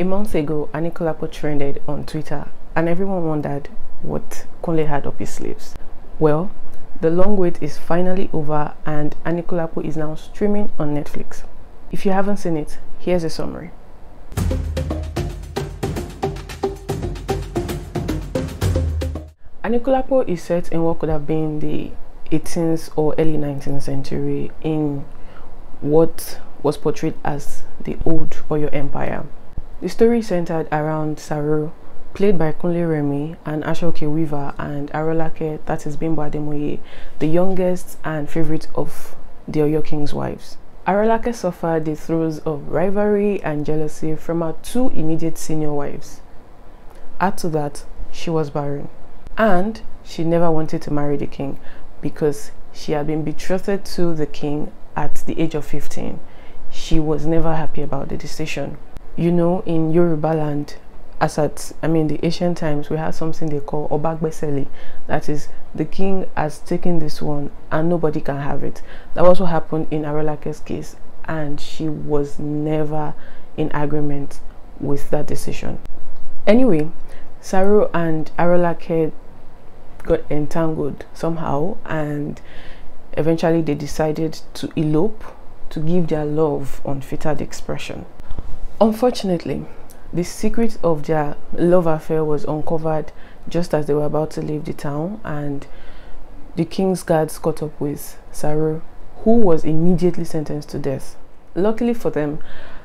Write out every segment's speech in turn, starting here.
A month ago, Anikulapo trended on Twitter and everyone wondered what Kunle had up his sleeves. Well, the long wait is finally over and Anikulapo is now streaming on Netflix. If you haven't seen it, here's a summary. Anikulapo is set in what could have been the 18th or early 19th century in what was portrayed as the old Oyo Empire. The story centered around Saru, played by Kunle Remy and Ashoke Weaver and Arolake, that is Bimbo Ademoye, the youngest and favorite of the Oyo King's wives. Arolake suffered the throes of rivalry and jealousy from her two immediate senior wives. Add to that, she was barren. And she never wanted to marry the king because she had been betrothed to the king at the age of 15. She was never happy about the decision you know, in Yoruba land, as at I mean the ancient times, we had something they call obagbesele, that is the king has taken this one and nobody can have it. That was what happened in Arelake's case, and she was never in agreement with that decision. Anyway, Saru and Arelake got entangled somehow, and eventually they decided to elope to give their love unfettered expression. Unfortunately, the secret of their love affair was uncovered just as they were about to leave the town and the king's guards caught up with Saru, who was immediately sentenced to death. Luckily for them,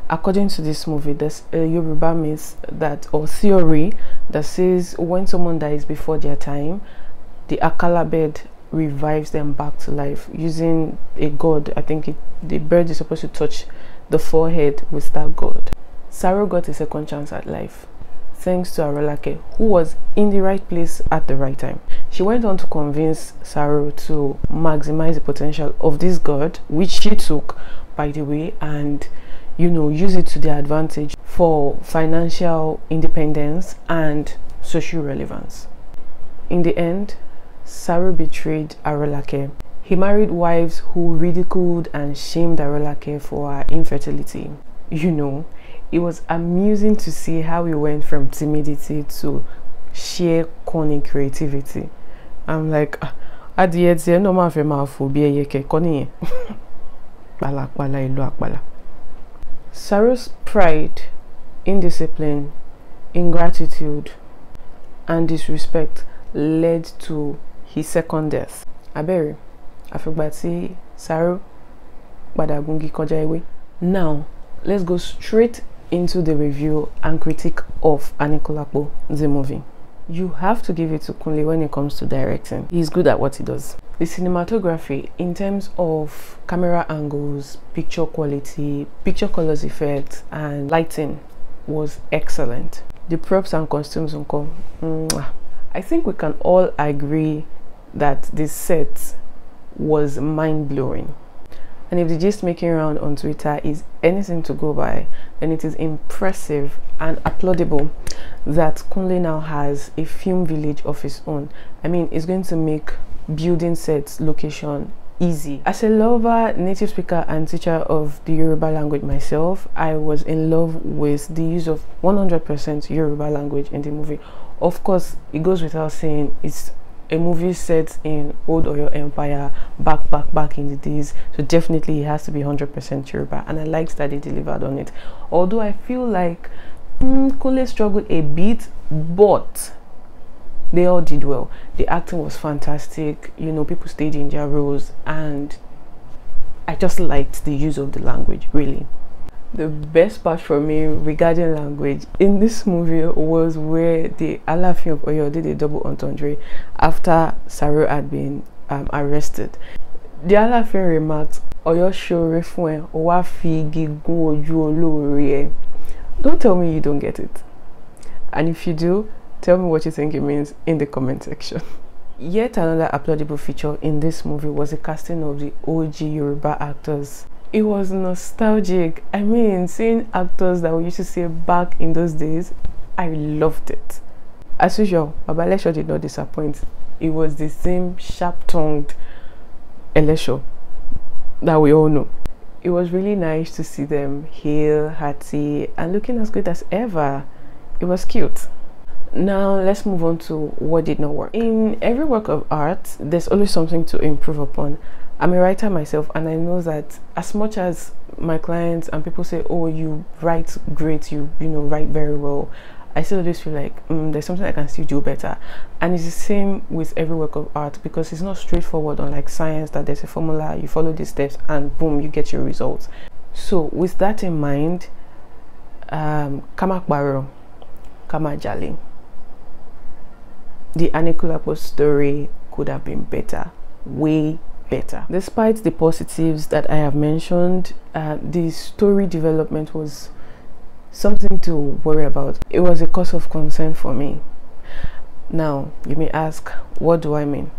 according to this movie, there's a Yoruba myth that or theory that says when someone dies before their time, the Akala bed revives them back to life using a god. I think it, the bird is supposed to touch the forehead with that god. Saro got a second chance at life, thanks to Arolake, who was in the right place at the right time. She went on to convince Saro to maximize the potential of this god, which she took, by the way, and you know, use it to their advantage for financial independence and social relevance. In the end, Saro betrayed Arolake. He married wives who ridiculed and shamed Arolake for her infertility. You know, it was amusing to see how he went from timidity to sheer cunning creativity i'm like ah, adìyẹ tiẹ̀ náà máa fẹ́ máa fò bí ẹyẹ kẹ̀kọ́ nìyẹn pàlàpàlà pride indiscipline ingratitude and disrespect led to his second death. abẹ́rẹ́ àfìgbà tí Saro padà gungi kọjá now let's go straight into the review and critique of Anikulapo, the movie. You have to give it to Kunle when it comes to directing. He's good at what he does. The cinematography, in terms of camera angles, picture quality, picture colors effect, and lighting, was excellent. The props and costumes, uncle. I think we can all agree that this set was mind blowing. And if the gist making round on Twitter is anything to go by, then it is impressive and applaudable that Kunle now has a film village of his own. I mean, it's going to make building sets location easy. As a lover, native speaker and teacher of the Yoruba language myself, I was in love with the use of 100% Yoruba language in the movie. Of course, it goes without saying it's a movie set in old Oyo Empire back back back in the days so definitely it has to be 100% Yoruba and I liked that they delivered on it although I feel like mm, struggled a bit but they all did well the acting was fantastic you know people stayed in their roles and I just liked the use of the language really the best part for me regarding language in this movie was where the Alafin of Oyo did a double entendre after Saru had been um, arrested. The Alafin remarked, Oyo shore fuen, owa fi gigun oju Don't tell me you don't get it. And if you do, tell me what you think it means in the comment section. Yet another applaudable feature in this movie was the casting of the OG Yoruba actors it was nostalgic. I mean, seeing actors that we used to see back in those days, I loved it. As usual, Babalesho did not disappoint. It was the same sharp-tongued Elesho that we all know. It was really nice to see them hale, hearty, and looking as good as ever. It was cute. Now let's move on to what did not work. In every work of art, there's always something to improve upon I'm a writer myself, and I know that as much as my clients and people say, "Oh, you write great, you you know write very well," I still always feel like mm, there's something I can still do better. And it's the same with every work of art because it's not straightforward, unlike science, that there's a formula, you follow these steps, and boom, you get your results. So, with that in mind, um, Kamakbaro, Kamajali, the Anikulapo story could have been better, way better. Despite the positives that I have mentioned, uh, the story development was something to worry about. It was a cause of concern for me. Now, you may ask, what do I mean?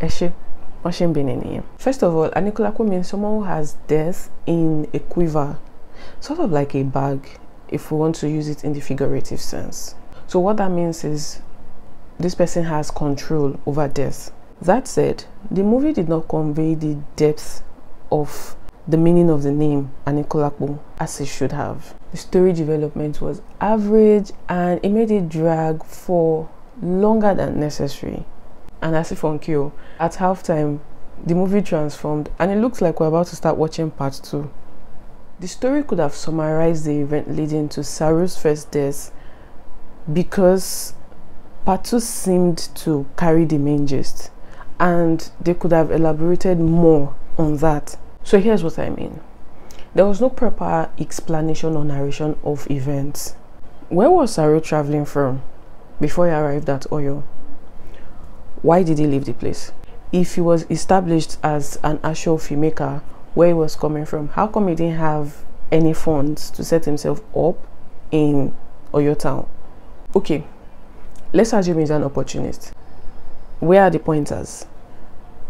Eshe, Oshin here. First of all, Anikulaku means someone who has death in a quiver, sort of like a bag, if we want to use it in the figurative sense. So what that means is this person has control over death. That said, the movie did not convey the depth of the meaning of the name Anikolapo as it should have. The story development was average and it made it drag for longer than necessary. And as if on cue, at halftime, the movie transformed and it looks like we're about to start watching part 2. The story could have summarized the event leading to Saru's first death because part 2 seemed to carry the main gist and they could have elaborated more on that. So here's what I mean. There was no proper explanation or narration of events. Where was Saru traveling from before he arrived at Oyo? Why did he leave the place? If he was established as an actual filmmaker, where he was coming from, how come he didn't have any funds to set himself up in Oyo town? Okay, let's assume he's an opportunist where are the pointers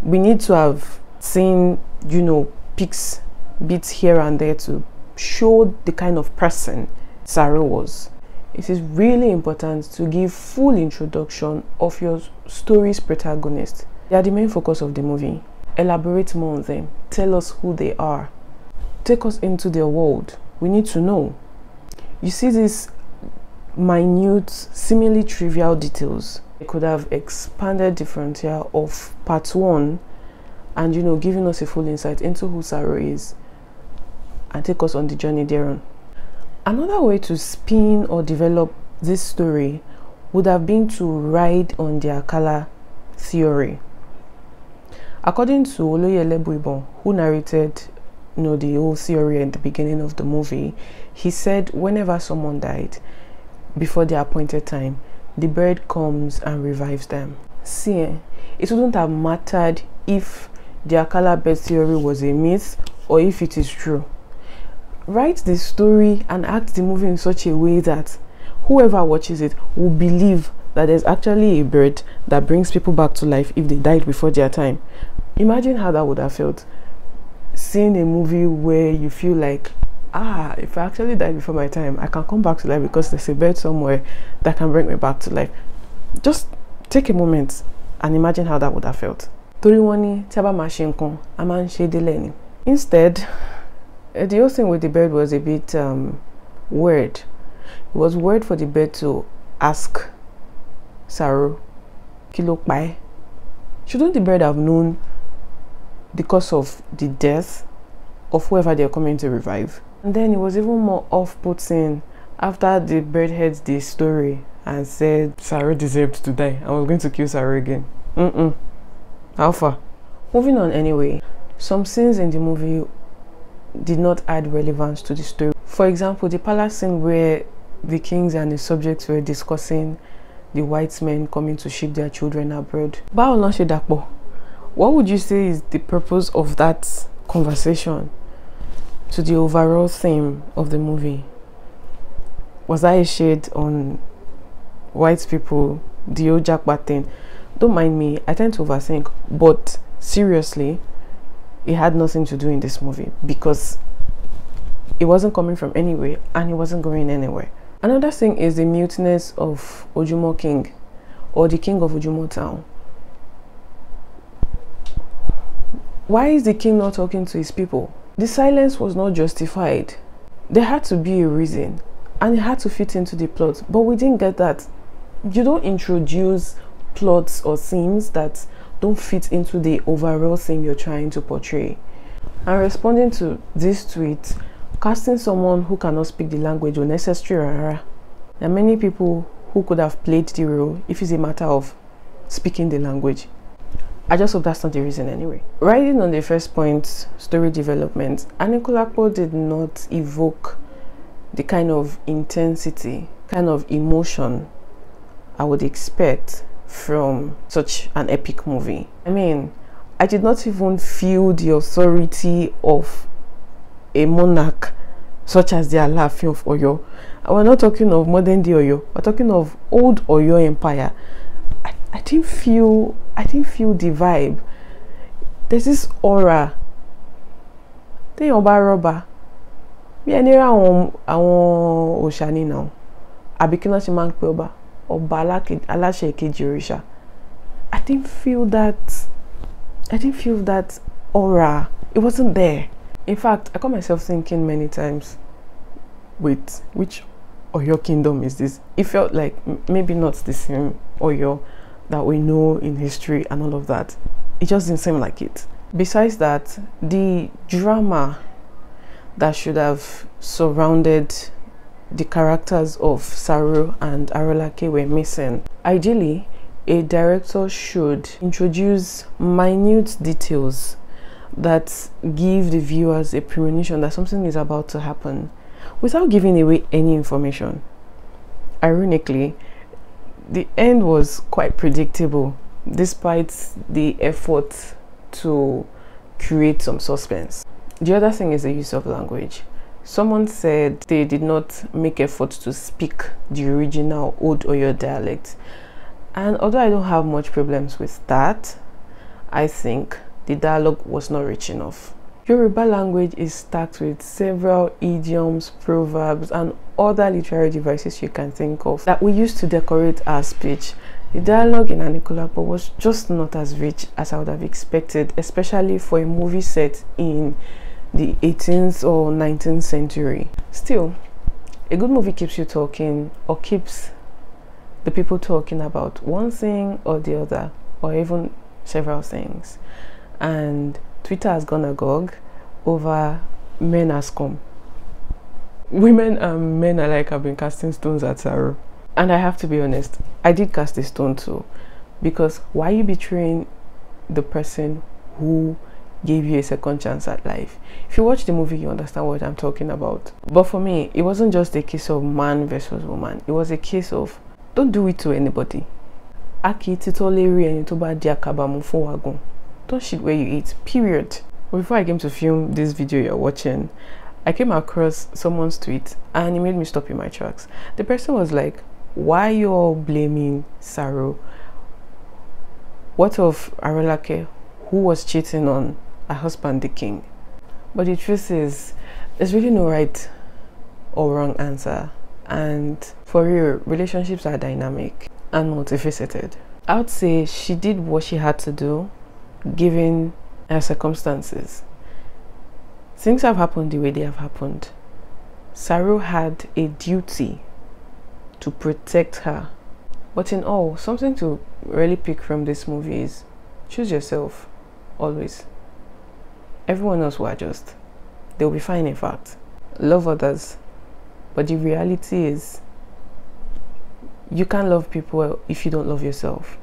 we need to have seen you know pics bits here and there to show the kind of person Sarah was it is really important to give full introduction of your story's protagonist they are the main focus of the movie elaborate more on them tell us who they are take us into their world we need to know you see these minute seemingly trivial details it could have expanded the frontier of part one and, you know, giving us a full insight into who Sarah is and take us on the journey thereon. Another way to spin or develop this story would have been to ride on the color theory. According to Oloyele Buibon, who narrated you know, the whole theory at the beginning of the movie, he said whenever someone died before the appointed time, the bird comes and revives them. See, eh, it wouldn't have mattered if the Akala bird theory was a myth or if it is true. Write the story and act the movie in such a way that whoever watches it will believe that there's actually a bird that brings people back to life if they died before their time. Imagine how that would have felt seeing a movie where you feel like ah, if I actually died before my time, I can come back to life because there's a bed somewhere that can bring me back to life. Just take a moment and imagine how that would have felt. Torí wọ́n ní tí a Instead, eh, the whole thing with the bed was a bit um, weird. It was weird for the bed to ask Saru, kí Shouldn't the bed have known the cause of the death of whoever they're coming to revive? And then it was even more off putting after the bird heard the story and said Sarah deserved to die. I was going to kill Sarah again. Mm mm. How far? Moving on anyway, some scenes in the movie did not add relevance to the story. For example, the palace scene where the kings and the subjects were discussing the white men coming to ship their children abroad. Báwo ló dàpọ̀? What would you say is the purpose of that conversation? to the overall theme of the movie? Was I a shade on white people, the Ojakpa thing? Don't mind me, I tend to overthink, but seriously, it had nothing to do in this movie because it wasn't coming from anywhere and it wasn't going anywhere. Another thing is the mutiness of Ojumo King or the king of Ojumo town. Why is the king not talking to his people? The silence was not justified. There had to be a reason and it had to fit into the plot, but we didn't get that. You don't introduce plots or scenes that don't fit into the overall theme you're trying to portray. And responding to this tweet, casting someone who cannot speak the language was necessary There are many people who could have played the role if it's a matter of speaking the language. I just hope that's not the reason anyway. Riding on the first point, story development, Anikulapo did not evoke the kind of intensity, kind of emotion I would expect from such an epic movie. I mean, I did not even feel the authority of a monarch such as the Alaafin of Oyo. And we're not talking of modern day Oyo, we're talking of old Oyo Empire I didn't feel I didn't feel the vibe. There's this aura. Téèyàn bá rọ́bà bí ẹni rá on àwọn òòṣà nínà àbí kí náà ṣe máa ń pe ọba ọba aláṣẹ I didn't feel that I didn't feel that aura. It wasn't there. In fact, I caught myself thinking many times, wait, which Oyo kingdom is this? It felt like maybe not the same Oyo that we know in history and all of that. It just didn't seem like it. Besides that, the drama that should have surrounded the characters of Saru and Arulake were missing. Ideally, a director should introduce minute details that give the viewers a premonition that something is about to happen without giving away any information. Ironically, the end was quite predictable despite the effort to create some suspense. The other thing is the use of language. Someone said they did not make effort to speak the original Old Oyo dialect. And although I don't have much problems with that, I think the dialogue was not rich enough. Yoruba language is stacked with several idioms, proverbs, and other literary devices you can think of that we use to decorate our speech. The dialogue in Anikulapo was just not as rich as I would have expected, especially for a movie set in the 18th or 19th century. Still, a good movie keeps you talking or keeps the people talking about one thing or the other or even several things. And Twitter has gone agog over men as come. Women and men alike have been casting stones at Saru. And I have to be honest, I did cast a stone too. Because why you betraying the person who gave you a second chance at life. If you watch the movie, you understand what I'm talking about. But for me, it wasn't just a case of man versus woman. It was a case of don't do it to anybody. Aki titoleri eni to ba di akabamu fun wagun don't shit where you eat period before i came to film this video you're watching i came across someone's tweet and it made me stop in my tracks the person was like why you all blaming Saru? what of arelake who was cheating on her husband the king but the truth is there's really no right or wrong answer and for real relationships are dynamic and multifaceted i would say she did what she had to do given our circumstances. Things have happened the way they have happened. Saru had a duty to protect her. But in all, something to really pick from this movie is choose yourself always. Everyone else will adjust. They'll be fine, in fact. Love others. But the reality is, you can't love people if you don't love yourself.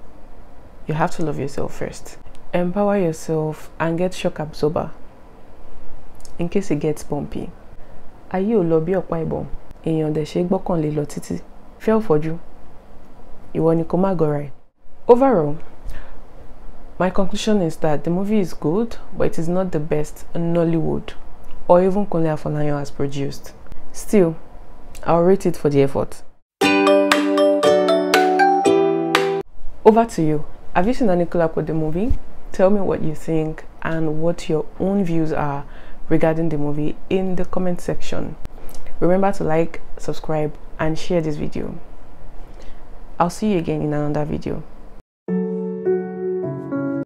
You have to love yourself first. Empower yourself and get shock absorber in case it gets bumpy. Ayé ò lọ or ọ̀pá In your dẹ̀ book on little títí, Fell for you? You want to come ẹ̀. Overall, my conclusion is that the movie is good, but it is not the best Nollywood or even Kunle Afolayan has produced. Still, I'll rate it for the effort. Over to you. Have you seen with the movie? Tell me what you think and what your own views are regarding the movie in the comment section. Remember to like, subscribe and share this video. I'll see you again in another video.